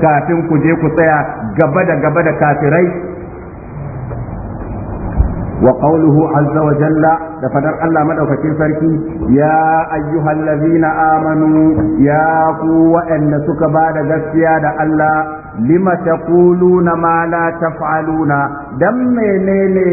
kafin ku je ku tsaya gaba da gaba da kafirai wa qawluhu azza wa jalla da fadar Allah madaukakin sarki ya ayyuhal na amanu ya ku wa'anda suka bada gaskiya da Allah lima taquluna ma la taf'aluna dan menene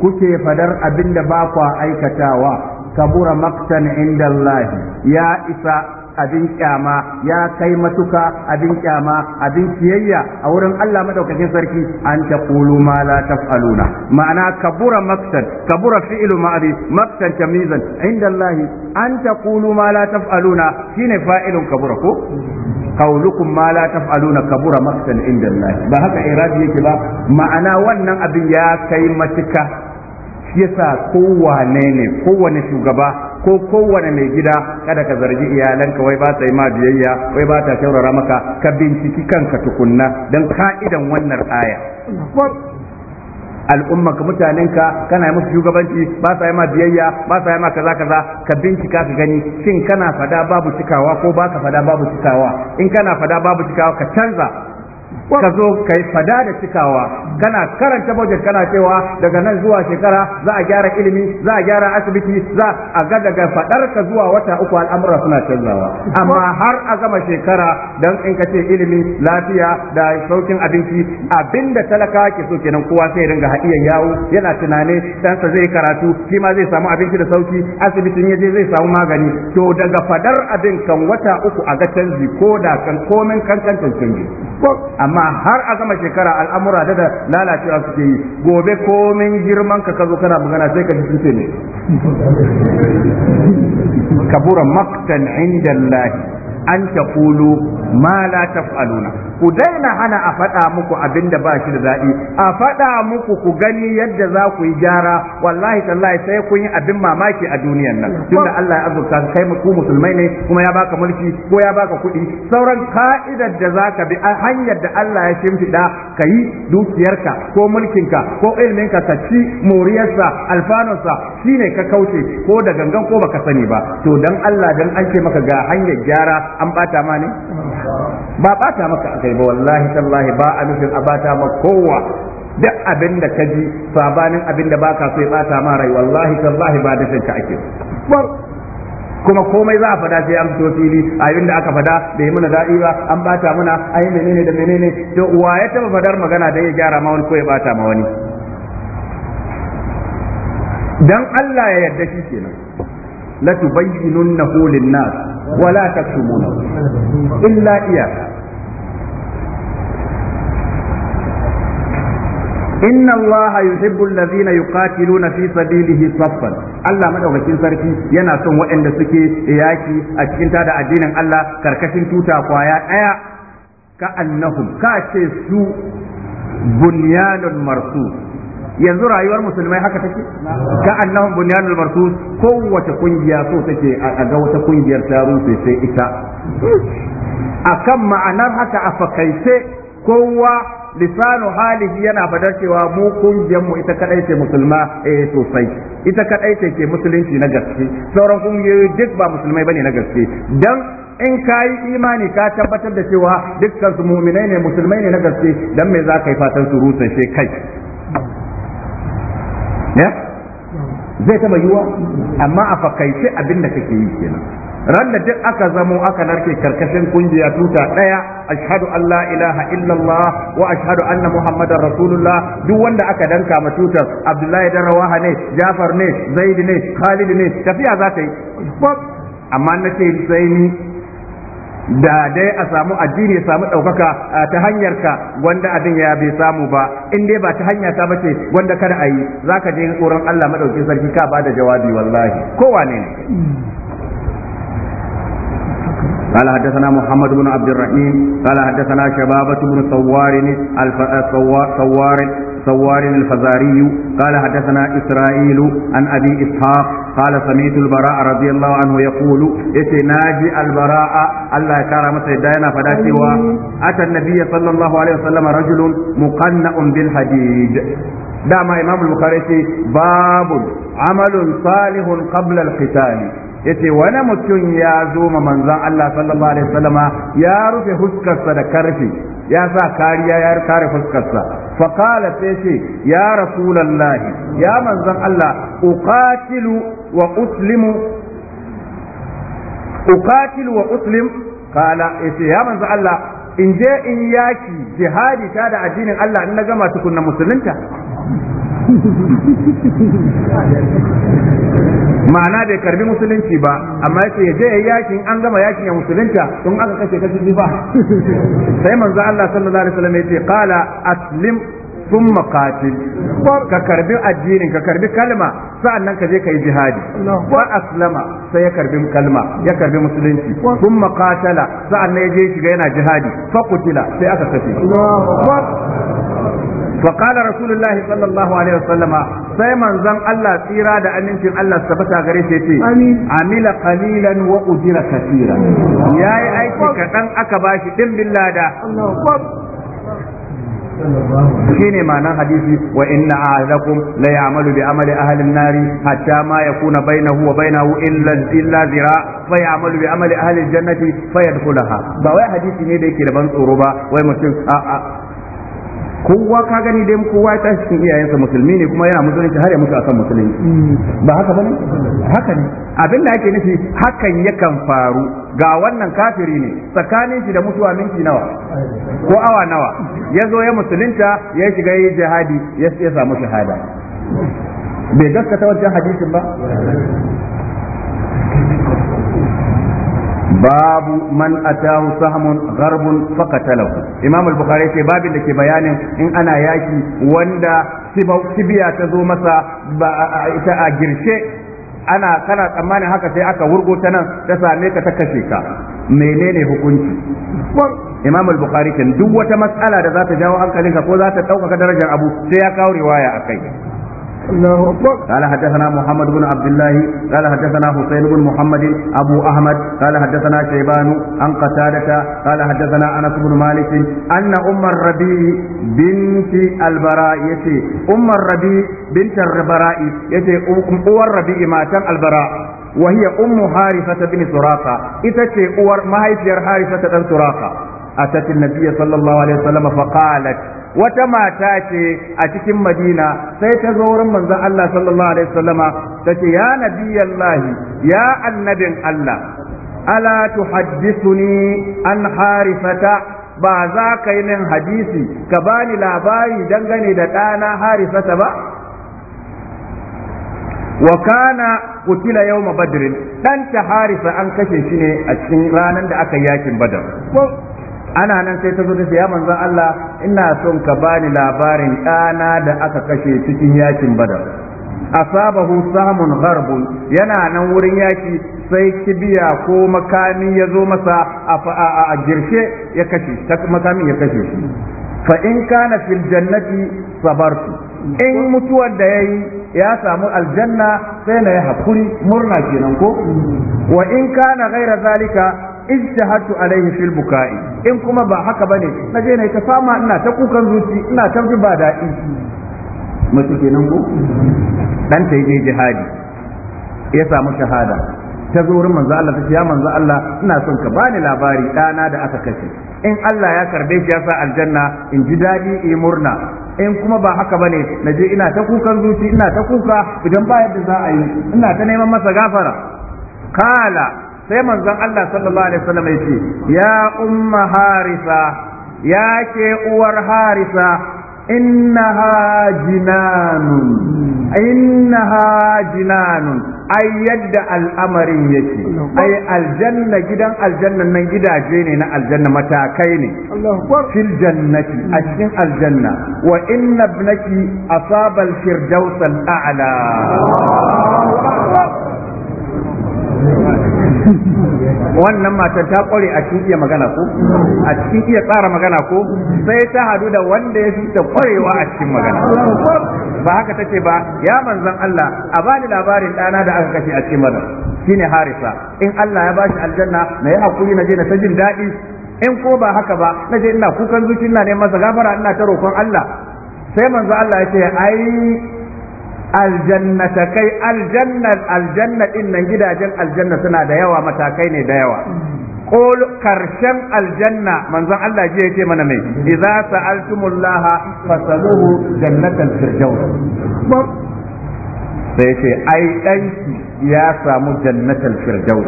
kuke fadar abinda ba ku aikatawa kabura maktan inda Allah ya isa abin kyama ya kai matuka abin kyama abin kiyayya a wurin Allah madaukakin sarki an taqulu ma la taf'aluna ma'ana kabura maktan kabura fi'lu ma'adi maktan tamizan inda Allah an taqulu ma la taf'aluna shine fa'ilun kabura ko qaulukum ma la taf'aluna kabura maktan inda Allah ba haka iradi yake ba ma'ana wannan abin ya kai matuka yasa kowane ne kowane shugaba ko kowane mai gida kada ka zargi iyalanka wai ba ta yi ma biyayya wai ba ta shaurara maka ka binciki kanka tukunna don ka'idan wannan aya al'umma ka mutanenka kana yi musu shugabanci ba sa yi ma biyayya ba sa yi ma kaza kaza ka bincika ka gani shin kana fada babu cikawa ko baka fada babu cikawa in kana fada babu cikawa ka canza ka zo ka yi fada da cikawa kana karanta budget kana cewa daga nan zuwa shekara za a gyara ilimi za a gyara asibiti za a ga daga fadar ka zuwa wata uku al'amura suna canzawa amma har a gama shekara dan in ka ce ilimi lafiya da saukin abinci abinda talaka ke so kenan kowa sai ringa hadiya yawo yana tunane ɗansa zai karatu shi ma zai samu abinci da sauki asibitin yaje zai samu magani to daga fadar abin kan wata uku a ga canji ko da kan komen kankan canji amma har a gama shekara al'amura da lalacewa suke yi gobe komin girman ka kazo kana magana sai ka ji ne kabura maktan inda Allah an kulu ma la taf'aluna ku daina hana a faɗa muku abin da ba shi da daɗi a faɗa muku ku gani yadda za ku yi gyara wallahi tallahi sai kun yi abin mamaki a duniyan nan tunda Allah ya azurta kai ku musulmai ne kuma ya baka mulki ko ya baka kuɗi sauran ka'idar da za ka bi a hanyar da Allah ya shimfiɗa ka yi dukiyarka ko mulkinka ko ilminka ka ci moriyarsa shi ne ka kauce ko da gangan ko baka sani ba to dan Allah dan an ce maka ga hanyar gyara an bata ma ne ba bata maka kai ba wallahi tallahi ba a nufin a bata maka kowa duk abin da ka ji sabanin abin da baka so ya bata ma rai wallahi tallahi ba da ka ake kuma komai za a fada sai an fito fili abin da aka fada da yi mana daɗi ba an bata mana ai menene da menene to wa ya taba fadar magana da ya gyara ma wani ko ya bata ma wani dan Allah ya yarda shi kenan la tubayyinunnahu lin-nas wala taktumunahu illa inna allaha yuhibbu allazina yuqatiluna fi sabilihi saffan Allah madaukakin sarki yana son waɗanda suke yaki a cikin tada addinin Allah karkashin tuta kwaya daya ka annahum ka ce su bunyanun marsus yanzu rayuwar musulmai haka take ka annahum bunyanul marsus kowace kungiya so take a ga wata kungiyar ta rufe sai ita akan ma'anar haka a fakaice kowa lisanu halihi yana fadar cewa mu kungiyar mu ita kadai ce musulma eh sosai ita kadai ce ke musulunci na gaske sauran kungiyoyi duk ba musulmai bane na gaske dan in ka imani ka tabbatar da cewa dukkan su muminai ne musulmai ne na gaske dan me za ka yi fatan su rusashe kai ne zai taba yiwa amma a fakaice abin da kake yi kenan ran da duk aka zamo aka narke karkashin kungiya tuta daya ashhadu an la ilaha illallah wa ashhadu anna muhammadar rasulullah duk wanda aka danka ma tutar abdullahi dan rawaha ne jafar ne zaid ne khalid ne tafiya za ta yi amma na ce sai ni da dai a samu addini ya samu ɗaukaka ta hanyar ka wanda abin ya bai samu ba in dai ba ta hanya ta bace wanda kada a yi za ka je tsoron Allah madaukin sarki ka ba da jawabi wallahi kowa ne قال حدثنا محمد بن عبد الرحيم قال حدثنا شبابة بن صوار صوار صوار الفزاري قال حدثنا إسرائيل عن أبي إسحاق قال سميت البراء رضي الله عنه يقول اتناجي البراء الله كرم سيدنا فداتي أتى النبي صلى الله عليه وسلم رجل مقنع بالحديد دعم إمام البخاري باب عمل صالح قبل الختان yace wani mutum ya zo ma manzon Allah sallallahu alaihi wasallama ya rufe huskarsa da karfi ya sa kariya ya kare fuskarsa fa qala sai ya rasulullahi ya manzon Allah uqatilu wa uslimu uqatilu wa uslim qala yace ya manzon Allah in je in yaki jihadi ta da addinin Allah in na gama tukunna musulunta ma'ana bai karbi musulunci ba amma yake ya je yakin an gama yakin ya musulunta don aka kashe kashi ba sai manzo Allah sallallahu alaihi wasallam yace qala aslim thumma qatil ka karbi addinin ka karbi kalma sa'annan ka je kai jihadi wa aslama sai ya karbi kalma ya karbi musulunci thumma qatala sa'annan ya je shiga yana jihadi fa qutila sai aka kashe فقال رسول الله صلى الله عليه وسلم sai manzon Allah tsira da amincin Allah tabbata gare shi yace amila qalilan wa ujira katira yayi aiki kadan aka bashi din billada shine ma'anar hadisi wa inna ahadakum la ya'malu bi amali ahli an Nari, hatta ma yakuna bainahu wa bainahu illa illa zira fa ya'malu bi amali ahli al-jannati fa yadkhulaha ba wai hadisi ne da yake da ban tsoro ba wai mutum kowa ka gani dai kowa ya tashi cikin iyayensa musulmi ne kuma yana musulunci har ya mutu akan musulunci ba haka bane haka ne abin da ake nufi hakan yakan faru ga wannan kafiri ne tsakanin shi da mutuwa minti nawa ko awa nawa ya zo ya musulunta ya shiga yi jihadi ya samu shahada bai gaskata wancan hadisin ba babu man atahu sahmun gharbun faqatalahu imam bukhari yace babin da ke bayanin in ana yaki wanda cibiya ta zo masa ita a girshe ana kana tsammanin haka sai aka wurgo ta nan ta same ka ta kashe ka menene hukunci imam al-bukhari duk wata matsala da za ta jawo hankalinka ko za ta ɗaukaka darajar abu sai ya kawo riwaya a kai. الله أكبر قال حدثنا محمد بن عبد الله قال حدثنا حسين بن محمد أبو أحمد قال حدثنا شيبان عن قتادة قال حدثنا أنس بن مالك أن أم الربيع بنت البراء يتي أم الربيع بنت البراء يتي أم الربيع ما تم البراء وهي أم حارثة بن سراقة إتتي أور ما هي حارثة بن سراقة أتت النبي صلى الله عليه وسلم فقالت wata mata ce a cikin madina sai ta zo wurin manzon Allah sallallahu alaihi wasallama tace ya nabiyallahi ya annabin Allah ala tuhaddithuni an harifata ba za ka yi min hadisi ka bani labari dangane da ɗana harifata ba wa kana kutila yawma badrin dan ta harifa an kashe shi ne a cikin ranar da aka yakin badar ana nan sai ta zo ta ya manzon Allah ina son ka bani labarin ɗana da aka kashe cikin yakin badar asabahu samun gharbun yana nan wurin yaki sai kibiya ko makami ya zo masa a girshe ya kashe makamin ya kashe shi fa in kana fil jannati sabartu in mutuwar da yayi ya samu aljanna sai na yi hakuri murna kenan ko wa in kana ghaira zalika ijtihadtu alaihi fil buka'i in kuma ba haka bane naje ne ta fama ina ta kukan zuci ina ta ba daɗi mutu kenan ko dan ta je jihadi ya samu shahada ta zo wurin manzo Allah ta ce ya manzo Allah ina son ka bani labari dana da aka kashe in Allah ya karbe shi ya sa aljanna in ji daɗi in murna in kuma ba haka bane na je ina ta kukan zuci ina ta kuka idan ba yadda za a yi ina ta neman masa gafara kala sai manzon Allah sallallahu alaihi wasallam ya ce ya umma harisa ya ke uwar harisa innaha jinanun innaha jinanun ai yadda al'amarin yake ai aljanna gidan aljanna nan gidaje ne na aljanna matakai ne fil jannati a cikin aljanna wa inna ibnaki asaba al-firdaus al-a'la wannan matar ta kware a cikin iya magana ko a cikin iya tsara magana ko sai ta hadu da wanda ya fi ta kwarewa a cikin magana ba haka tace ba ya manzon Allah a bani labarin dana da aka kashe a cikin magana shine harisa in Allah ya bashi aljanna na yi hakuri na je na ta jin daɗi in ko ba haka ba na je ina kukan zuci ina neman masa gafara ina ta roƙon Allah sai manzo Allah ya ce ai aljannata kai aljanna aljanna nan gidajen aljanna suna da yawa matakai ne da yawa qul karshen aljanna manzon Allah ji yake mana mai idza sa'altumullaha fasaluhu jannatal firdaus sai ce ai ɗanki ya samu jannatal firdaus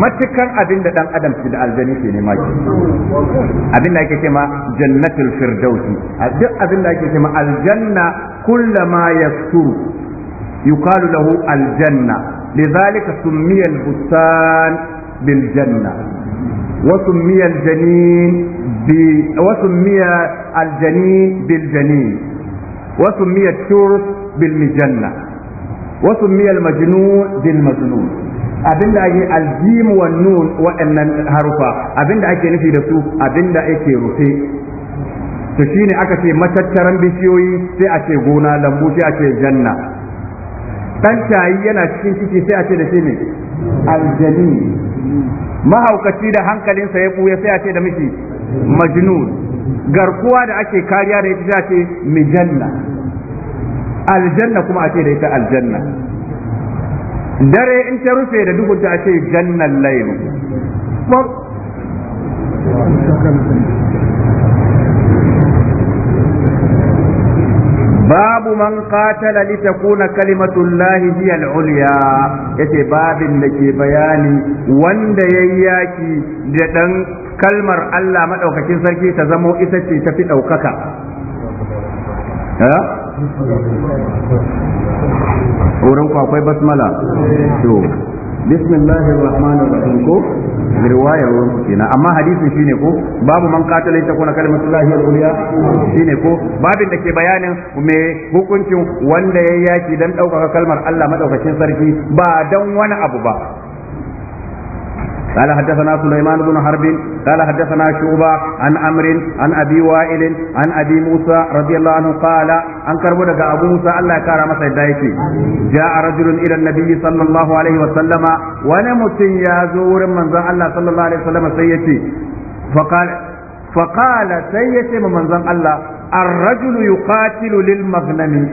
matukan abin da ɗan adam da aljani ke nema ke abin da ake cema jannatul firdaus a duk abin da ake cema aljanna kullama yasturu yuqalu lahu aljanna lidhalika summiya albustan bil janna وسمي الجنين ب... وسمي الجنين بالجنين وسمي الترس بالمجنه wasu miyal majnun Abin da abinda ake aljim wa nun waɗannan harufa abinda ake nufi da su abinda ake rufe to shine aka ce matattaran bishiyoyi sai a ce gona lambu sai a ce janna dan tayi yana cikin ciki sai a ce da shi ne aljani mahaukaci da hankalinsa ya buya sai a ce da miki majnun garkuwa da ake kariya da ita sai a ce mijanna aljanna kuma a ce da ita aljanna dare in ta rufe da duhu ta ce jannan layin babu man qatala li takuna kalimatu llahi hiya al-ulya yace babin da ke bayani wanda yayi yaki da dan kalmar Allah madaukakin sarki ta zamo ita ce ta fi daukaka wurin ku akwai basmala to bismillahir rahmanir rahim ko riwayar wurin ku kenan amma hadisin shine ko babu man qatala ita kuna kalmatu lahi al-ulya shine ko babin da ke bayanin me hukuncin wanda ya yaki dan daukaka kalmar Allah madaukakin sarki ba dan wani abu ba قال حدثنا سليمان بن حرب قال حدثنا شعبة عن أمر عن أبي وائل عن أبي موسى رضي الله عنه قال عن كربونك أبو موسى الله كرم سيدايتي جاء رجل إلى النبي صلى الله عليه وسلم ونمت يا زور من ذا الله صلى الله عليه وسلم سيتي فقال فقال سيتي من ذا الله الرجل يقاتل للمغنم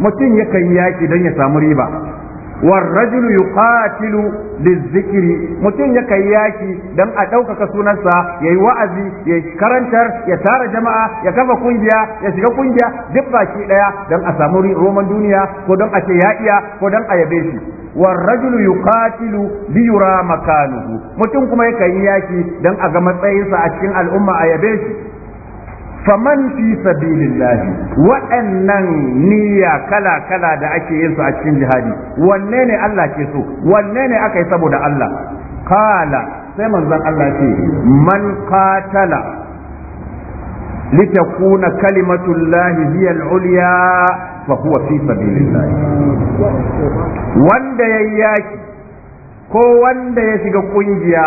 mutum yakan yaki don ya samu riba والرجل يقاتل للذكر متين يكي ياكي دم أدوك كسونسا يي وعزي يي يتار جماعة يكفى كنجيا يشكى كنجيا جبا شيء دم أساموري روما دونيا ودم أشيائيا ودم أيبيشي والرجل يقاتل ليرى مكانه متين كما يكي ياكي دم أغمت أيسا أشكين الأمة أيبيشي faman fi sabilillahi waɗannan niyya kala kala da ake yin su a cikin jihadi wanne ne Allah ke so wanne ne aka yi saboda Allah kala sai manzon Allah ce man qatala litakuna kalimatullahi hiya al-ulya fa huwa fi sabilillahi wanda yayyaki ko wanda ya shiga kungiya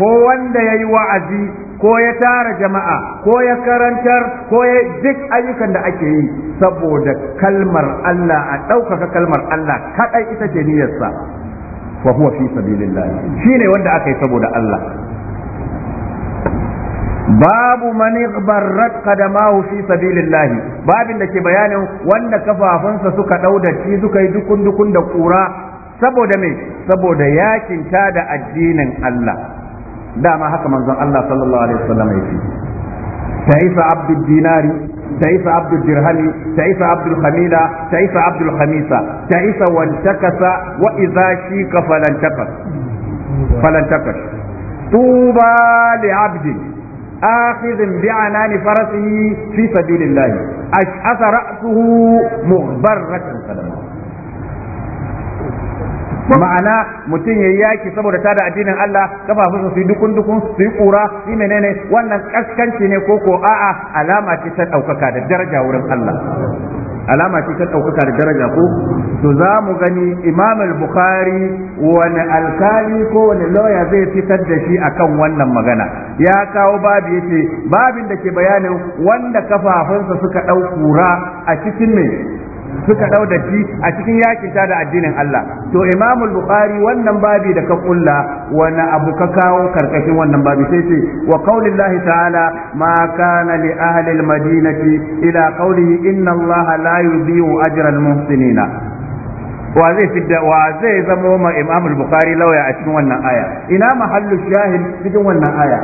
ko wanda yayi wa'azi ko ya tara jama'a ko ya karantar ko ya duk ayyukan da ake yi saboda kalmar Allah a ɗaukaka kalmar Allah kaɗai ita ce niyyarsa wa huwa fi sabilillah shine wanda aka yi saboda Allah babu mani barrat qadamahu fi sabilillah babin da ke bayanin wanda kafafunsa suka daudaci suka yi dukun dukun da kura saboda me saboda yakin ta da addinin Allah dama haka manzon Allah sallallahu alaihi wasallam yake ta'isa abdul dinari ta'isa abdul dirhami ta'isa abdul khamila ta'isa abdul khamisa ta'isa wal takasa wa idza shika falan takas falan takas tuba آخذ بعنان فرسه في سبيل الله أشعث رأسه مغبرة القدم ma'ana mutum ya yaki saboda tada addinin Allah kafafunsa su yi dukun dukun su yi kura su menene wannan kaskanci ne ko ko a'a alama ce ta ɗaukaka da daraja wurin Allah alama ce ta ɗaukaka da daraja ko to za mu gani imam al-bukhari wani alkali ko wani lawyer zai fitar da shi akan wannan magana ya kawo babu yace babin da ke bayanin wanda kafafunsa suka ɗau kura a cikin mai suka dau da shi a cikin yakin ta da addinin Allah to Imam al-Bukhari wannan babi da ka kulla wani abu ka kawo karkashin wannan babi sai ce wa qaulillahi ta'ala ma kana li ahli al-madinati ila qawlihi inna Allah la yudhi'u ajra al-muhsinina wa zai fidda wa zai zamo ma Imam al-Bukhari lauya a cikin wannan aya ina mahallu shahid cikin wannan aya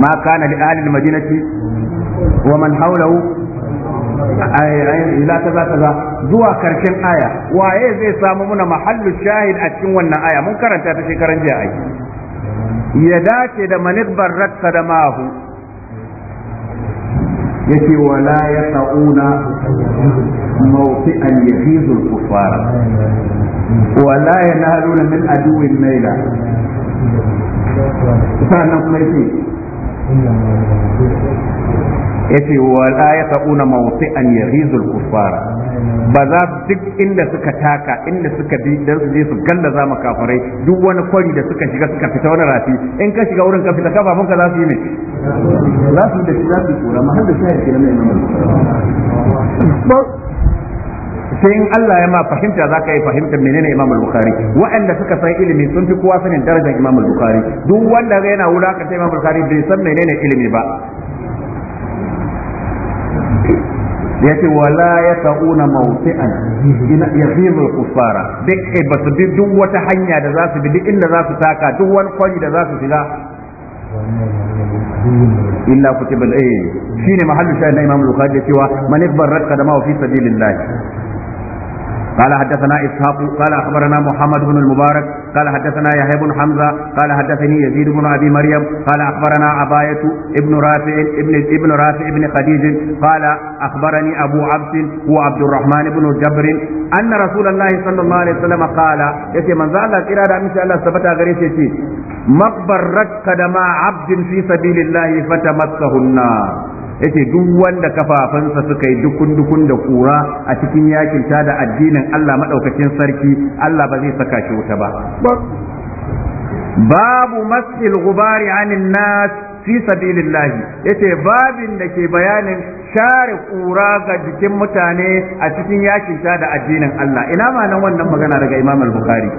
Ma ما كان لأهل المدينة ومن حوله ila kaza kaza zuwa karshen aya waye zai samu muna mahallu shahid a cikin wannan aya mun karanta ta shekaran jiya ai ya dace da manit barrat sadamahu yake wala ya ta'una mawti'an yaghizul kufara wala yanaluna min aduwin maila sannan kuma yake yace wa la yaquna mawti'an yaghizul kuffara ba za duk inda suka taka inda suka bi dan su je su gallaza mu kafirai duk wani kwari da suka shiga suka fita wani rafi in ka shiga wurin ka fita kafafun ka za su yi ne za su da za su kura ma da shahid kenan mai sai in Allah ya ma fahimta za ka yi fahimta menene Imam Bukhari waɗanda suka san ilimi sun fi kowa sanin darajar Imam Bukhari duk wanda yana wulakanta Imam Bukhari bai san menene ilimi ba ya ce wala sauna mawti'an ina yafiru kufara duk ba su bi duk wata hanya da za su bi duk inda za su taka duk wani kwari da za su shiga illa kutiba eh shine mahallu shayin na Imam Bukhari cewa man yakbar radka da ma fi sabilillah قال حدثنا إسحاق قال أخبرنا محمد بن المبارك قال حدثنا يحيى بن حمزة قال حدثني يزيد بن أبي مريم قال أخبرنا عباية ابن رافع ابن ابن رافع ابن خديج قال أخبرني أبو عبد هو عبد الرحمن بن جبر أن رسول الله صلى الله عليه وسلم قال يتي من ذا الله إرادة إن شاء الله ثبت غريسي مقبرك قدما عبد في سبيل الله فتمسه النار yace duk wanda kafafansa suka yi dukun dukun da kura a cikin yakin ta da addinin Allah madaukakin sarki Allah ba zai saka shi wuta ba babu masil gubari anin nas fi sabilillah yace babin da ke bayanin share kura ga jikin mutane a cikin yakin ta da addinin Allah ina ma wannan magana daga Imam al-Bukhari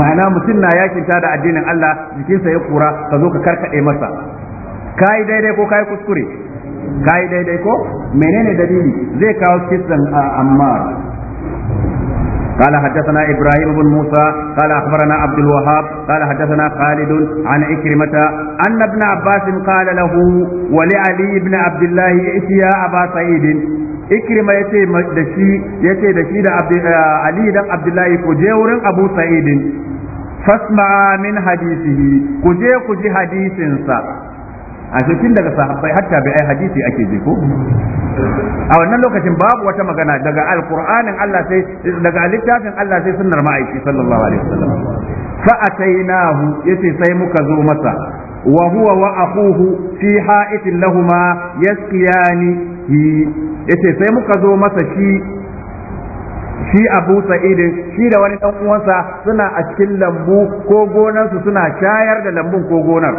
ma'ana mutum na yakin ta da addinin Allah jikinsa ya kura ka zo ka karkade masa kai daidai ko kai kuskure kai daidai ko menene dalili zai kawo kisan amma قال حدثنا ابراهيم بن موسى قال اخبرنا عبد الوهاب قال حدثنا خالد عن إكرمة ان ابن عباس قال له ولعلي بن عبد الله ائتيا ابا سعيد إكرمة يتي da shi yace عبد shi da Ali dan Abdullahi ku je wurin Abu Sa'id fasma min hadisihi a tun daga sahabbai hatta bi ai hadisi ake je ko a wannan lokacin babu wata magana daga alqur'anin Allah sai daga littafin Allah sai sunnar ma'aiki sallallahu alaihi wasallam fa atainahu yace sai muka zo masa wa huwa wa akhuhu fi ha'itin lahumma yasqiyani yace sai muka zo masa shi shi abu Sa'id. shi da wani dan uwansa suna a cikin lambu ko gonarsu suna shayar da lambun ko gonar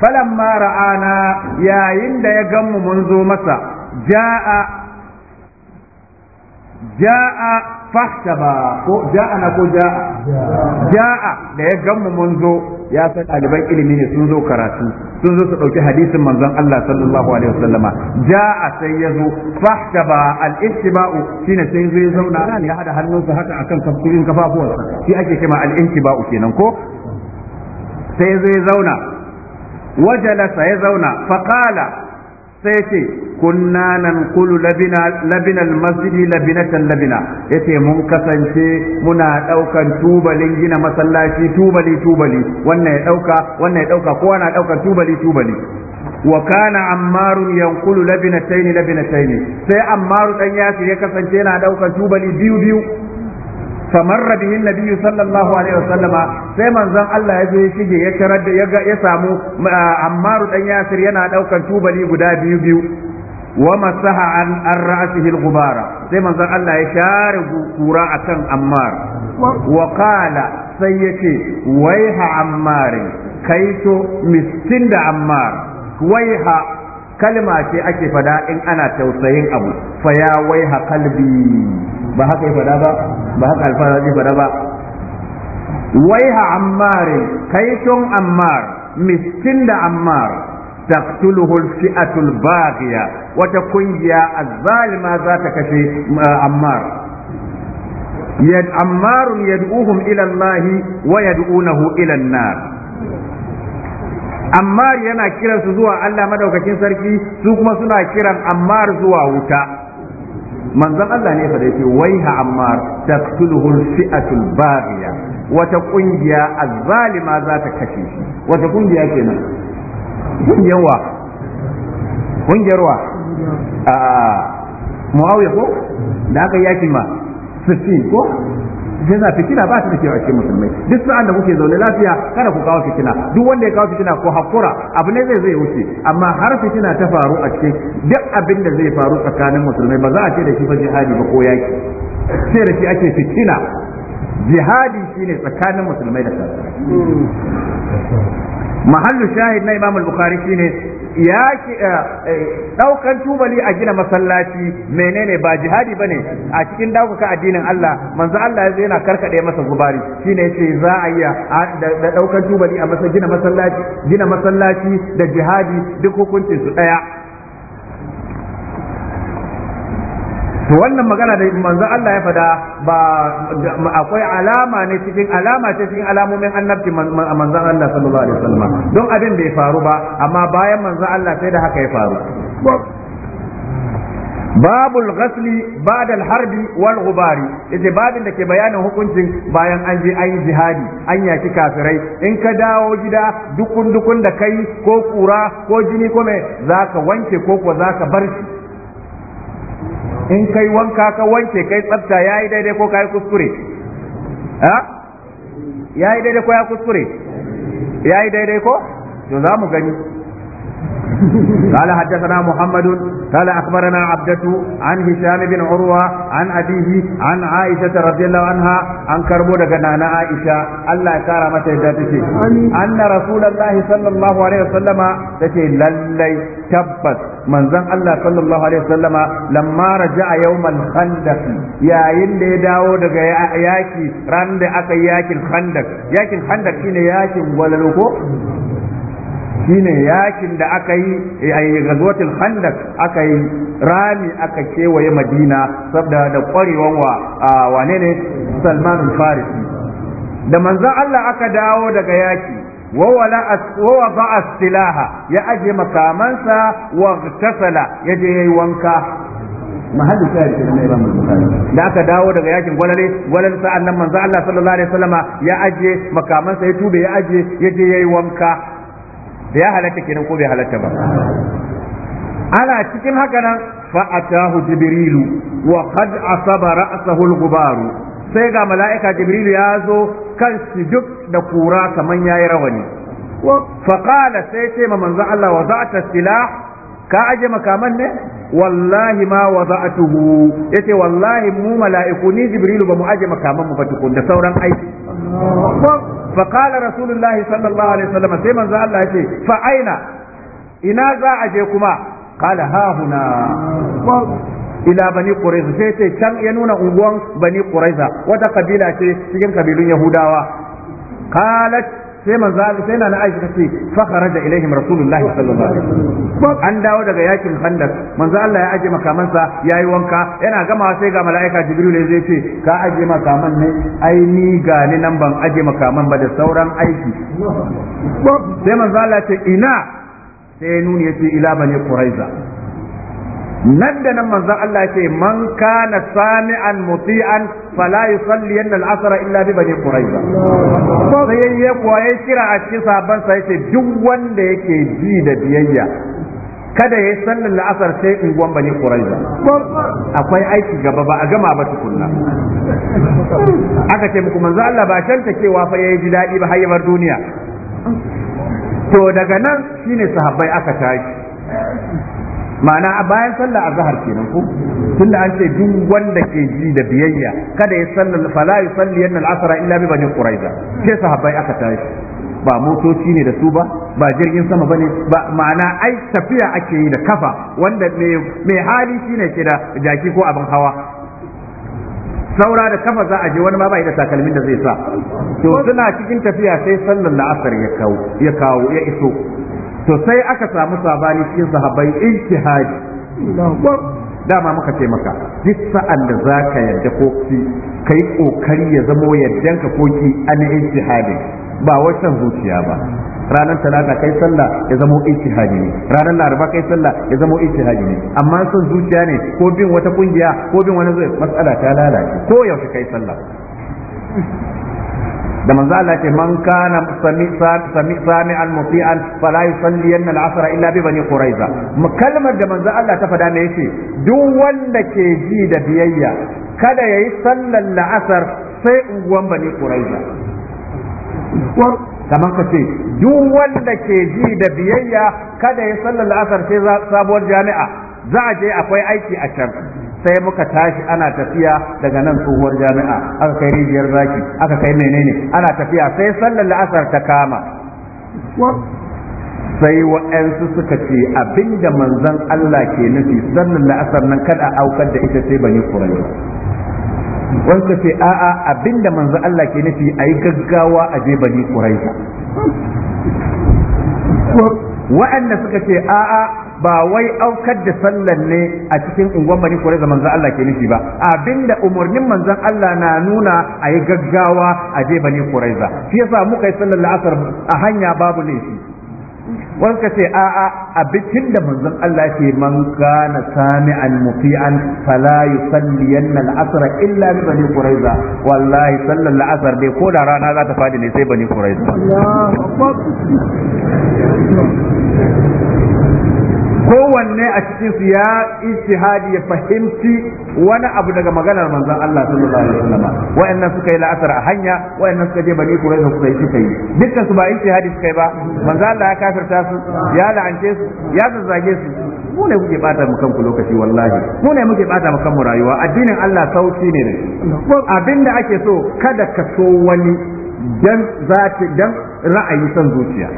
ma ra'ana yayin da ya ganmu mun zo masa ja'a ja'a fahtaba ko ja'a na ko ja'a ja'a da ya ganmu mun zo ya san ɗaliban ilimi ne sun zo karatu sun zo su ɗauki hadisin manzon Allah sallallahu alaihi ja'a sai ya zo fahtaba al-ittiba'u shine sai zai zauna ya hada hannunsa haka akan kafurin kafafuwansa shi ake kima al-ittiba'u kenan ko sai zai zauna wajalasa ya zauna faƙala sai ce kunna nan kulu labinal masjidi labinatan labina ya ce mun kasance muna ɗaukan tubalin gina masallaci tubali tubali wannan ya ɗauka kowa na ɗaukan tubali tubali wa kana ammaru yankulu labinataini labinataini sai ammaru ɗan yasi ya kasance yana ɗaukan tubali biyu biyu famarra bihi nabiyyu sallallahu alaihi wasallam sai manzon Allah ya je shige ya tarar da ya samu ah, Ammaru dan Yasir yana daukan tubali guda biyu biyu wa masaha an ra'sihi al-ghubara sai manzon Allah ya share kura akan Ammar wa qala sai yace waiha Ammar kaito miskin da Ammar waiha kalma ce ake fada in ana tausayin abu fa ya waiha kalbi ba haka ya fada ba ba haka alfahar zai ba wai ha ammari kai ammar miskin da ammar taktuluhu fi'atul baghiya wata kungiya azzalima za ta kashe uh, ammar yad ammar yad'uhum ila allah wa yad'unahu ila annar ammar yana kiransu zuwa Allah madaukacin sarki su kuma suna kiran ammar zuwa wuta manzon Allah ne fa da yake waiha ammar taqtuluhu fi'atul baghiya wata kungiya azzalima za ta kashe shi wata kungiya kenan kungiyar wa kungiyar wa a muawiya ko da aka yaki ma 15 ko yana fitina ba ta da a cikin musulmai duk sa'an da kuke zaune lafiya kada ku kawo fitina duk wanda ya kawo fitina ko hakura abu ne zai zai wuce amma har fitina ta faru a cikin duk abin da zai faru tsakanin musulmai ba za a ce da shi fa jihadi ba ko yaki sai da shi ake fitina jihadi shine tsakanin musulmai da kafirai hmm. mahallu shahid na imam al-bukhari shine ya daukan eh, eh, tubali a gina masallaci menene ba jihadi bane a cikin daukaka addinin Allah manzo Allah ya yana karkade masa gubari shine yace za a iya da daukan tubali a gina masallaci gina masallaci da jihadi duk hukuncin su daya to wannan magana da manzo Allah ya fada ba akwai alama ne cikin alama ce cikin alamomin annabci manzo Allah sallallahu alaihi wasallam don abin bai faru ba amma bayan manzo Allah sai da haka ya faru babul ghasli ba'da al-harbi wal ghubari yace babin da ke bayanin hukuncin bayan an je ayi jihadi an yaki kafirai in ka dawo gida dukun dukun da kai ko kura ko jini ko me zaka wanke ko ko zaka bar shi in kai wanka ka wanke kai tsafta yayi daidai ko kai kuskure ha yayi daidai ko ya kuskure yayi daidai ko to za mu gani قال حدثنا محمد قال أخبرنا عبدة عن هشام بن عروة عن أبيه عن عائشة رضي الله عنها عن كربو دقنا عائشة الله كرمت ذاته أن رسول الله صلى الله عليه وسلم تتي للي تبت من زن الله صلى الله عليه وسلم لما رجع يوم الخندق يا يلي داود يا ياكي رند أكا ياكي الخندق ياكي الخندق شين ياكي ولا لوكو shine yakin da aka yi a gazotul khandak aka yi rami aka kewaye madina saboda da kwarewan wa wane ne salman farisi da manzon Allah aka dawo daga yaki ووضع wa يا أجي مقامنسا ya يجي وانكا mahalli shahid ke na Imam Bukhari da aka dawo daga yakin gwalale gwalale sa'an nan manzo Allah sallallahu alaihi wasallama ya aje makamansa ya tube ya aje ya je yayi wanka da ya halatta kenan ko bai halatta ba ana cikin haka nan fa atahu jibrilu wa qad asaba ra'sahu al sai ga mala'ika jibrilu ya zo kan shi duk da kura kaman yayi rawani fa qala sai ce ma manzo Allah wa za'ata silah ka aje makaman ne wallahi ma tuhu yace wallahi mu mala'iku ni jibrilu ba mu ajiye makaman mu ba tukun da sauran aiki fa qala rasulullahi sallallahu alaihi wasallam sai manzo Allah ya ce fa'aina, ina za a je kuma qala ha huna ila bani quraiza sai ce can ya nuna unguwan bani quraiza wata kabila ce cikin kabilun yahudawa qalat sai manzo Allah sai nana Aisha tace fa kharaja ilaihim rasulullahi sallallahu alaihi wasallam an dawo daga yakin Khandaq manzo Allah ya aje makamansa yayi wanka yana gamawa sai ga malaika Jibril ya zai ce ka aje makaman ne ai ni ga ni nan ban aje makaman ba da sauran aiki sai manzo Allah ce ina sai nuni yace ila bani Quraiza nan da nan manzon Allah ce man kana sami'an muti'an fala yusalli yanna al-asr illa bi bani quraiza sai ya kuwa ya kira a cikin sahabban sa yace duk wanda yake ji da biyayya kada ya sallar la'asar sai unguwan bani quraiza akwai aiki gaba ba a gama ba tukunna aka ce muku manzo Allah ba shanta cewa fa yayi ji dadi ba har yabar duniya to daga nan shine sahabbai aka tashi ma'ana a bayan sallah azhar kenan ko tunda an ce duk wanda ke ji da biyayya kada ya sallar fala salli annal asara illa bi bani quraiza ke sahabbai aka tashi ba motoci ne da su ba ba jirgin sama bane ba ma'ana ai tafiya ake yi da kafa wanda mai hali shine ke da jaki ko abin hawa saura da kafa za a je wani ma bai da takalmin da zai sa to suna cikin tafiya sai sallar la'asar ya ya kawo ya iso to sai aka samu sabani cikin sahabbai ijtihadi dama muka ce maka duk sa'an da za ka yarda ko ki kai kokari ya zamo yardanka ko ki an ijtihadi ba wacan zuciya ba ranar talata kai sallah ya zamo ijtihadi ne ranar laraba kai sallah ya zamo ijtihadi ne amma son zuciya ne ko bin wata kungiya ko bin wani zai matsala ta lalace ko yaushe kai sallah da manzo Allah ce man kana sami sami al muti'an fala yusalliyanna al asr illa bi bani quraiza kalmar da manzo Allah ta fada ne yace duk wanda ke ji da biyayya kada yayi sallar la'asar sai unguwan bani quraiza kamar ka ce duk wanda ke ji da biyayya kada ya sallar la'asar sai sabuwar jami'a za a je akwai aiki a can sai muka tashi ana tafiya daga nan tsohuwar jami'a aka kai rijiyar zaki aka kai menene ana tafiya sai sallar la'asar ta kama sai wa'ansu suka ce abinda manzan Allah ke nufi sallar la'asar nan kada aukar da ita sai bani yi wani ka ce a'a abinda manzan Allah ke nufi a yi gaggawa a je bani kuraiwa wa'anda suka ce a'a ba wai aukar da sallar ne a cikin unguwar bani kore manzon Allah ke nufi ba abinda umarnin manzon Allah na nuna a yi gaggawa a je bani kuraiza shi yasa muka yi sallar la'asar a hanya babu ne shi wanka ce a'a abin da manzon Allah ke man kana sami'an mufi'an fala yusalli al-asr illa bi bani quraiza wallahi sallar la'asar ne, dai ko da rana za ta fadi ne sai bani quraiza kowanne a cikin su ya ijtihadi ya fahimci wani abu daga maganar manzon Allah sallallahu alaihi wasallam wayannan suka yi la'asar a hanya wayannan suka je bani kuraiza suka yi suka yi dukkan su ba ijtihadi suka yi ba manzon Allah ya kafirta su ya la'ance su ya zazzage su mu ne muke bata mu kanku lokaci wallahi mu ne muke bata mu kanmu rayuwa addinin Allah sauki ne abinda ake so kada ka so wani dan zaki dan ra'ayi san zuciya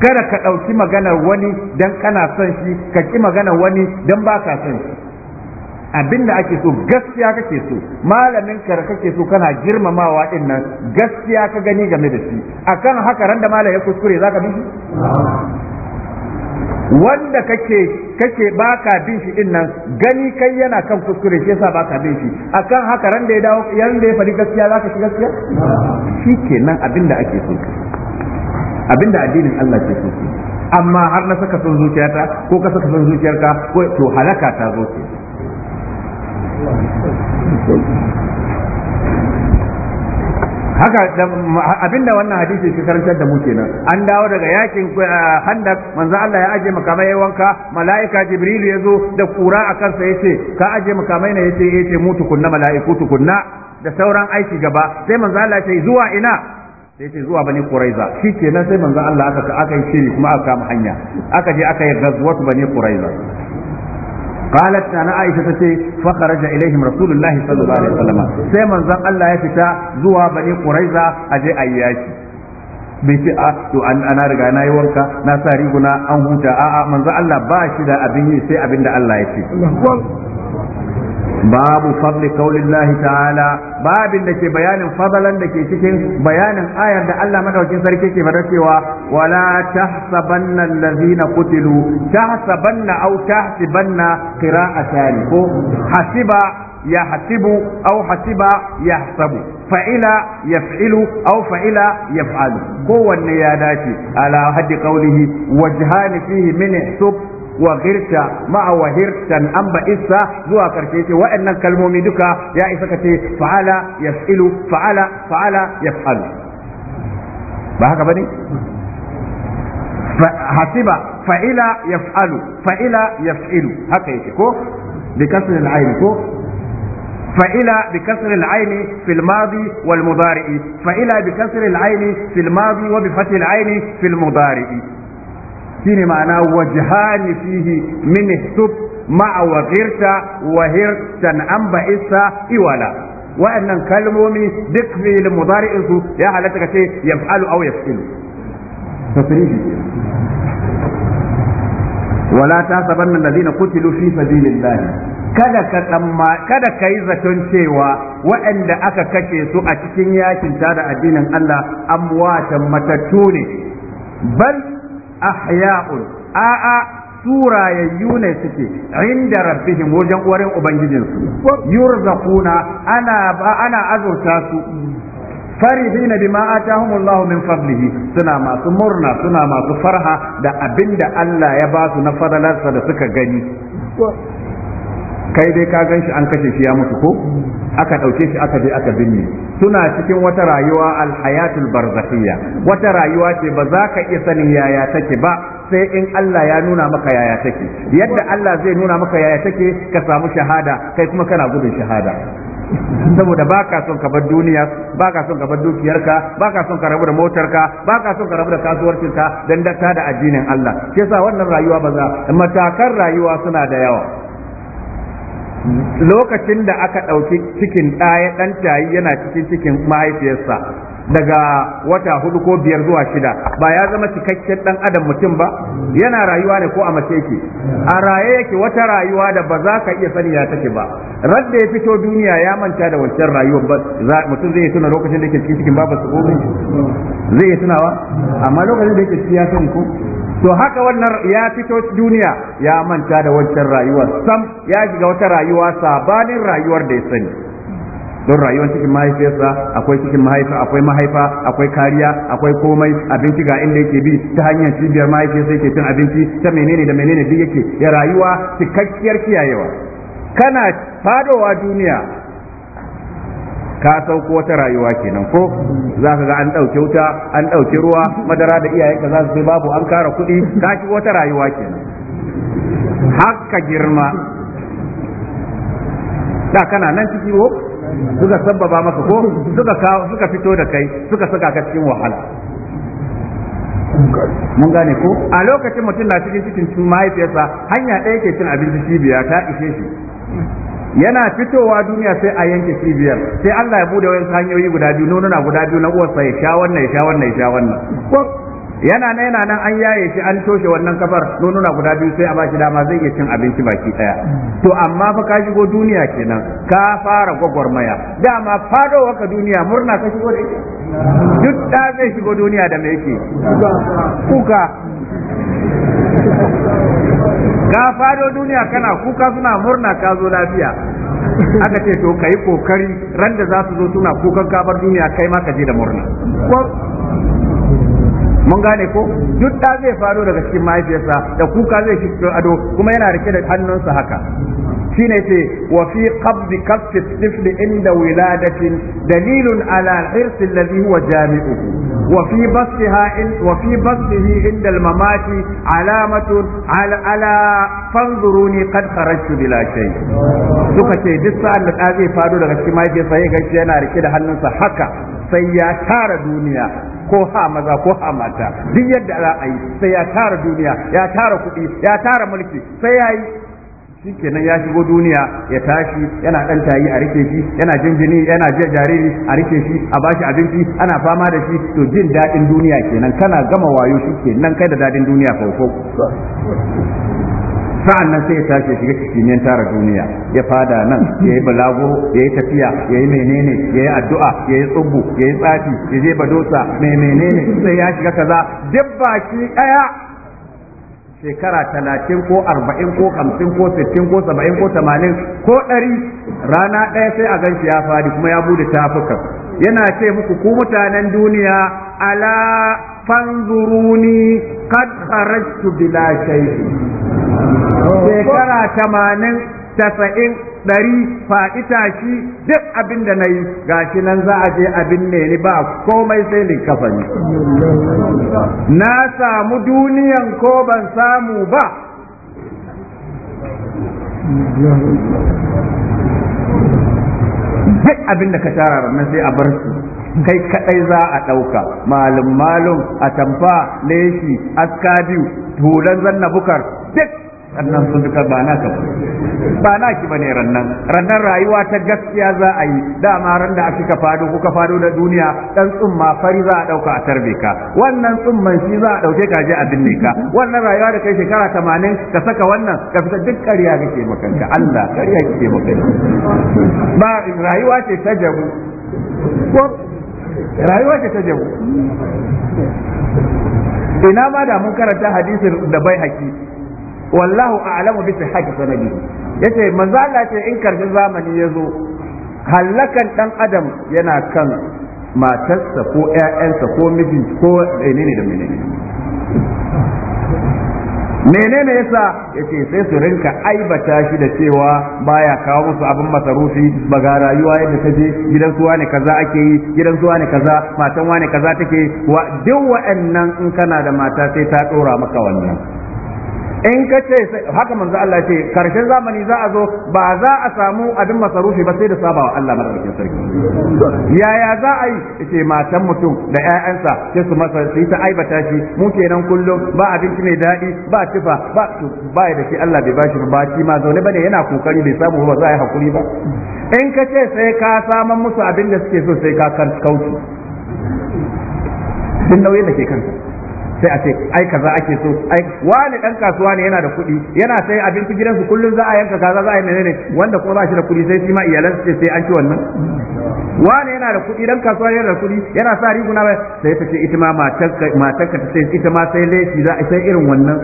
kada ka ɗauki maganar wani dan kana son shi ka ki maganar wani dan ba ka son shi abin da ake so gaskiya kake so malamin ka kake so kana girmamawa din nan gaskiya ka gani game da shi akan haka randa malam ya kuskure zaka bi shi wanda kake kake baka bin shi din nan gani kai yana kan kuskure shi yasa baka bin shi akan haka randa ya dawo yanda ya faɗi gaskiya zaka shi gaskiya shikenan abin da ake so abinda addinin Allah ke so amma har na saka son zuciyata ko ka saka son zuciyarka ko to halaka ta zo ce haka abinda wannan hadisi ke karantar da mu kenan an dawo daga yakin eh, handak manzo Allah ya aje makamai ya wanka malaika jibril ya zo da kura a kansa yace ka aje makamai ne yace yace eh, mutu kunna tukunna da sauran aiki gaba sai manzo Allah ya ce zuwa ina sai ce zuwa bani shi kenan sai manzan Allah aka aka yi shiri kuma aka kama hanya aka je aka yi ghazwatu bani kuraiza قالت أنا Aisha تتي فخرج إليهم رسول الله صلى الله عليه وسلم سيما زن الله يفتا زوا بني قريزة أجي أياتي bai ce a ah, to an ana riga na yi wanka na sa riguna an huta a'a manzo Allah ba shi da abin yi sai abin da Allah ya babu fadli qaulillahi ta'ala babin da ke bayanin fadalan da ke cikin bayanin ayar da Allah madaukakin sarki ke fada cewa wala tahsabanna allazina qutilu tahsabanna aw tahsibanna qira'atan ko hasiba ya hasibu aw hasiba yahsabu fa'ila ya fi'ilu au fa'ila ya fa'alu kowanne ya dace ala haddi qawlihi wajhani fihi min ihsub wa girta ma'a wa hirtan an ba'issa zuwa karshe ce waɗannan kalmomi duka ya isa ka ce fa'ala yaf'ilu fa'ala fa'ala yaf'alu ba haka bane hasiba fa'ila yaf'alu fa'ila yaf'ilu haka yake ko bi kasr al-ayn ko فإلى بكسر العين في الماضي والمضارع فإلى بكسر العين في الماضي وبفتح العين في المضارع shine ma'ana wajhani fihi min sub ma'a wa ghirta wa hirtan an ba'isa iwala wa'annan kalmomi duk fi'il mudari'in su ya halatta ka ce yaf'alu aw yaf'ilu tasrifi wala tasabanna alladhina qutilu fi sabilillah kada ka tsamma kada ka yi zaton cewa waɗanda aka kashe su a cikin yakin da addinin Allah amwatan matattu ne bal ahya'un a'a surayayyu ne suke inda rabbihim wajen uwarin ubangijinsu yurzaquna ana ana azurta su farihina bima atahum Allah min fadlihi suna masu murna suna masu farha da abinda Allah ya ba su na fadalarsa da suka gani kai dai ka gan shi an kashe shi ya mutu ko aka ɗauke shi aka je aka binne suna cikin wata rayuwa alhayatul barzakhiyya wata rayuwa ce ba za ka iya sanin yaya take ba sai in Allah ya nuna maka yaya take yadda Allah zai nuna maka yaya take ka samu shahada kai kuma kana gudun shahada saboda ba ka son ka bar duniya ba son ka bar dukiyarka ba ka son ka rabu da motarka ba ka son ka rabu da kasuwarcinka dan da da addinin Allah shi yasa wannan rayuwa ba za matakan rayuwa suna da yawa lokacin da aka ɗauki cikin ɗaya ɗan tayi yana cikin cikin mahaifiyarsa daga wata hudu ko biyar zuwa shida ba ya zama cikakken dan adam mutum ba yana rayuwa ne ko a mace yake a raye yake wata rayuwa da ba za ka iya sani ya take ba radda ya fito duniya ya manta da wancan rayuwar ba mutum zai tuna lokacin da yake cikin cikin babu su zai iya tunawa amma lokacin da yake cikin ya sani ko to haka wannan ya fito duniya ya manta da wancan rayuwar sam ya shiga wata rayuwa sabanin rayuwar da ya sani don rayuwar cikin mahaifiyarsa akwai cikin mahaifa akwai mahaifa akwai kariya akwai komai abinci ga inda yake bi ta hanyar cibiyar mahaifiyarsa yake cin abinci ta menene da menene duk yake ya rayuwa cikakkiyar kiyayewa kana fadowa duniya ka sauko wata rayuwa kenan ko za ka ga an ɗauke wuta an ɗauke ruwa madara da iyayenka za su sai babu an kara kuɗi ka shiga wata rayuwa kenan haka girma da kana nan ciki ko suka sabbaba maka ko suka suka fito da kai suka saka ka cikin wahala mun gane ko a lokacin mutum na cikin cikin mahaifiyarsa hanya ɗaya ke cin abinci cibiya ta ishe shi yana fitowa duniya sai a yanke cibiyar sai Allah ya bude wayan hanyoyi guda biyu na guda biyu na uwarsa ya sha wannan ya sha wannan ya sha wannan yana nan yana nan an yaye shi an toshe wannan kafar nonuna guda biyu sai a bashi dama zai iya cin abinci baki daya to amma fa ka shigo duniya kenan ka fara gwagwarmaya dama fado ka duniya murna ka shigo da duk da zai shigo duniya da me yake kuka ka fado duniya kana kuka suna murna ka zo lafiya aka ce to kai kokari ran da za su zo suna kukan kabar duniya kai ma ka je da murna mun gane ko duk da zai faro daga cikin mahaifiyarsa da kuka zai shi ado kuma yana rike da hannunsa haka shine ce wa fi qabdi kasf at-tifl inda wiladatin dalilun ala al-hirs alladhi huwa jami'uhu wa fi basha wa fi inda al-mamat ala ala fanzuruni qad kharajtu bila shay ce duk sa'an da zai fado daga cikin mahaifiyarsa ya gaishe yana rike da hannunsa haka sai ya tara duniya ko ha maza ko ha mata duk yadda za a yi sai ya tara duniya ya tara kuɗi ya tara mulki sai ya yi shikenan kenan ya shigo duniya ya tashi yana dan tayi a rike shi yana jin yana je jariri a rike shi a bashi abinci ana fama da shi to jin dadin duniya kenan kana gama wayo shi kai da dadin duniya faufau sa'an nan sai ya tashi shiga cikin tara duniya ya fada nan ya yi balago ya yi tafiya ya yi menene ya yi addu'a ya yi tsubu ya yi tsafi ya je badosa mai menene sai ya shiga kaza dabba shi ɗaya shekara talatin ko arba'in ko hamsin ko sittin ko saba'in ko tamanin ko ɗari rana ɗaya sai a ganshi ya faɗi kuma ya bude tafukan yana ce muku ku mutanen duniya ala fanzuruni qad kharajtu bila shay'in shekara tamanin tasa'in ɗari faɗi tashi duk abin da na yi gashi nan za a je abin ne ni ba komai sai ni. na samu duniyan ko ban samu ba duk abin da ka tara ranar sai a bar su kai kadai za a ɗauka malum malum atamfa leshi aska biyu hulan zanna bukar duk rannan sun duka ba naka ba ba naki bane rannan rannan rayuwa ta gaskiya za a yi dama ran da aka fado kuka fado da duniya dan tsumma fari za a dauka a tarbe ka wannan tsumman shi za a dauke ka je a binne ka wannan rayuwa da kai shekara 80 ka saka wannan ka fita duk ƙarya kake makanka Allah ƙarya kake makanka ba rayuwa ce ta jabu ko rayuwa ce ta jabu ina ma da mun karanta hadisin da bai haƙi wallahu a'lamu bi sihhati sanadi yace manzo Allah ce in karshen zamani ya zo hallakan dan adam yana kan matarsa ko ƴaƴansa ko mijin ko menene da menene menene yasa yace sai su rinka aibata shi da cewa baya kawo musu abin masarufi ba ga rayuwa yadda ta je gidan suwa ne kaza ake yi gidan suwa ne kaza matan wa kaza take wa duk wa'annan in kana da mata sai ta dora maka wannan in ka ce haka manzo Allah ce karshen zamani za a zo ba za a samu abin masarufi ba sai da sabawa Allah madaukakin sarki yaya za a yi ce matan mutum da ƴaƴansa sai su masa su ta aibata shi mu kenan kullum ba abinci mai daɗi ba tufa ba ba da shi Allah bai bashi ba shi ma zaune bane yana kokari bai samu ba za a yi hakuri ba in ka ce sai ka saman musu abin da suke so sai ka kauci din nauyin da ke kansa. sai a ce ai kaza ake so ai wani dan kasuwa ne yana da kuɗi yana sai abinci gidansu kullum za a yanka kaza za a yi menene wanda ko ba shi da kuɗi sai shi ma iyalan ce sai an ci wannan wani yana da kuɗi dan kasuwa yana da kuɗi yana sa riguna ba sai ta ce ita ma matanka matanka ta ce ita ma sai laifi za a sai irin wannan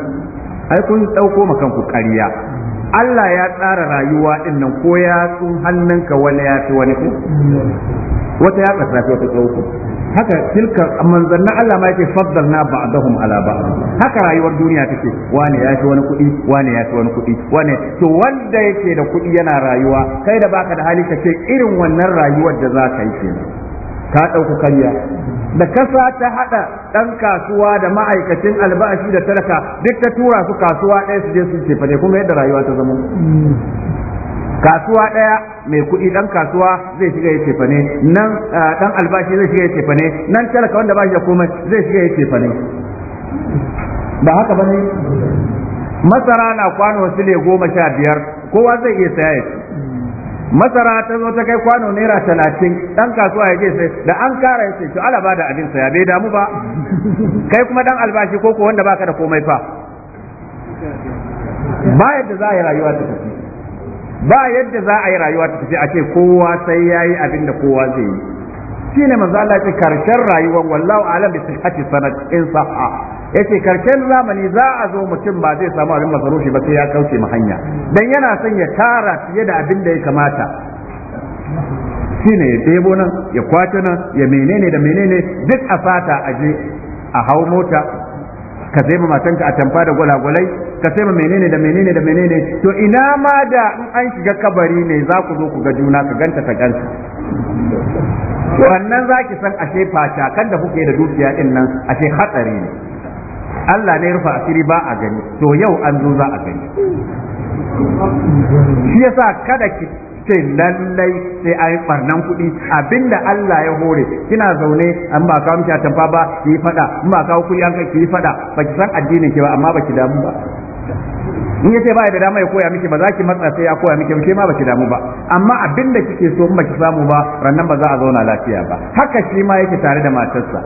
ai kun dauko makan ku ƙarya Allah ya tsara rayuwa din nan ko ya tsun hannunka wani ya fi wani ku wata ya tsara wata tsauko haka tilka manzannin Allah ma yake faddalna ba'dahum ala ba'd haka rayuwar duniya take wani ya fi wani kuɗi wani ya fi wani kuɗi wani to wanda yake da kuɗi yana rayuwa kai da baka da hali ka ce irin wannan rayuwar da za ka yi kenan ka ɗauku karya da kasa ta haɗa ɗan kasuwa da ma'aikacin albashi da talaka duk ta tura su kasuwa ɗaya su je su ce fa kuma yadda rayuwa ta zama kasuwa ɗaya mai kuɗi ɗan kasuwa zai shiga ya cefa ne nan ɗan albashi zai shiga ya cefa ne nan talaka wanda ba shi da komai zai shiga ya cefa ne ba haka ba ne masara na kwano wasu ne goma sha biyar kowa zai iya saya ya masara ta zo ta kai kwano naira talatin dan kasuwa ya je sai da an kara ya ce to ala ba da abin saya bai damu ba kai kuma dan albashi ko ko wanda baka da komai fa ba yadda za a yi rayuwa ta tafi ba yadda za a yi rayuwa ta tafi a ce kowa sai ya yi abin da kowa zai yi Shi ne manzo Allah ce karshen rayuwa wallahu alam bi sihhati sanad in sahha yace karshen zamani za a zo mutum ba zai samu abin masarufi ba sai ya kauce mu hanya dan yana son ya tara fiye da abin da ya kamata Shi ne ya debo nan ya kwata nan ya menene da menene duk a fata je a hau mota ka zai ma matanka a tamfa da gwalagwalai ka sai ma menene da menene da menene to ina ma da in an shiga kabari ne za ku zo ku ga juna ka ganta ka ganta wannan za ki san ashe fata kan da kuke da dukiya din nan ashe hatsari ne Allah ne rufa asiri ba a gani to yau an zo za a gani shi yasa kada ki ce lallai sai a yi barnan kuɗi abinda Allah ya hore kina zaune an ba kawo miki atamfa ba ki yi fada in ba kawo kuɗi an kai ki fada ba ki san addinin ki ba amma ba ki damu ba in yace ba da dama ya koya miki ba za ki matsa sai ya koya miki ke ma ba ki damu ba amma abinda kike so in ba ki samu ba rannan ba za a zauna lafiya ba haka shi ma yake tare da matarsa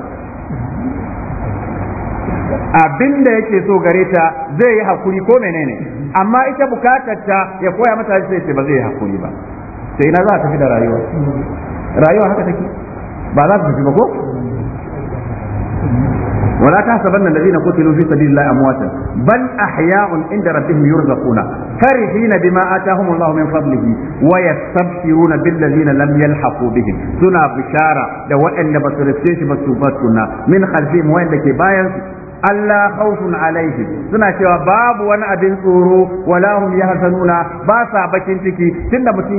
abin da yake so gare ta zai yi hakuri ko menene amma ita bukatar ta ya koya mata sai ce ba zai yi hakuri ba sai ina za a tafi da rayuwa rayuwa haka take ba za su tafi ba ko ولا تحسبن الذين قتلوا في سبيل الله امواتا بل احياء عند ربهم يرزقون فرحين بما اتاهم الله من فضله ويستبشرون بالذين لم يلحقوا بهم سنا بشاره ده وان بسرسيش بسوباتنا من خلفهم وين باين Allah khawfun alaihi suna cewa babu wani abin tsoro wala hum yahzanuna ba sa bakin ciki tunda mutum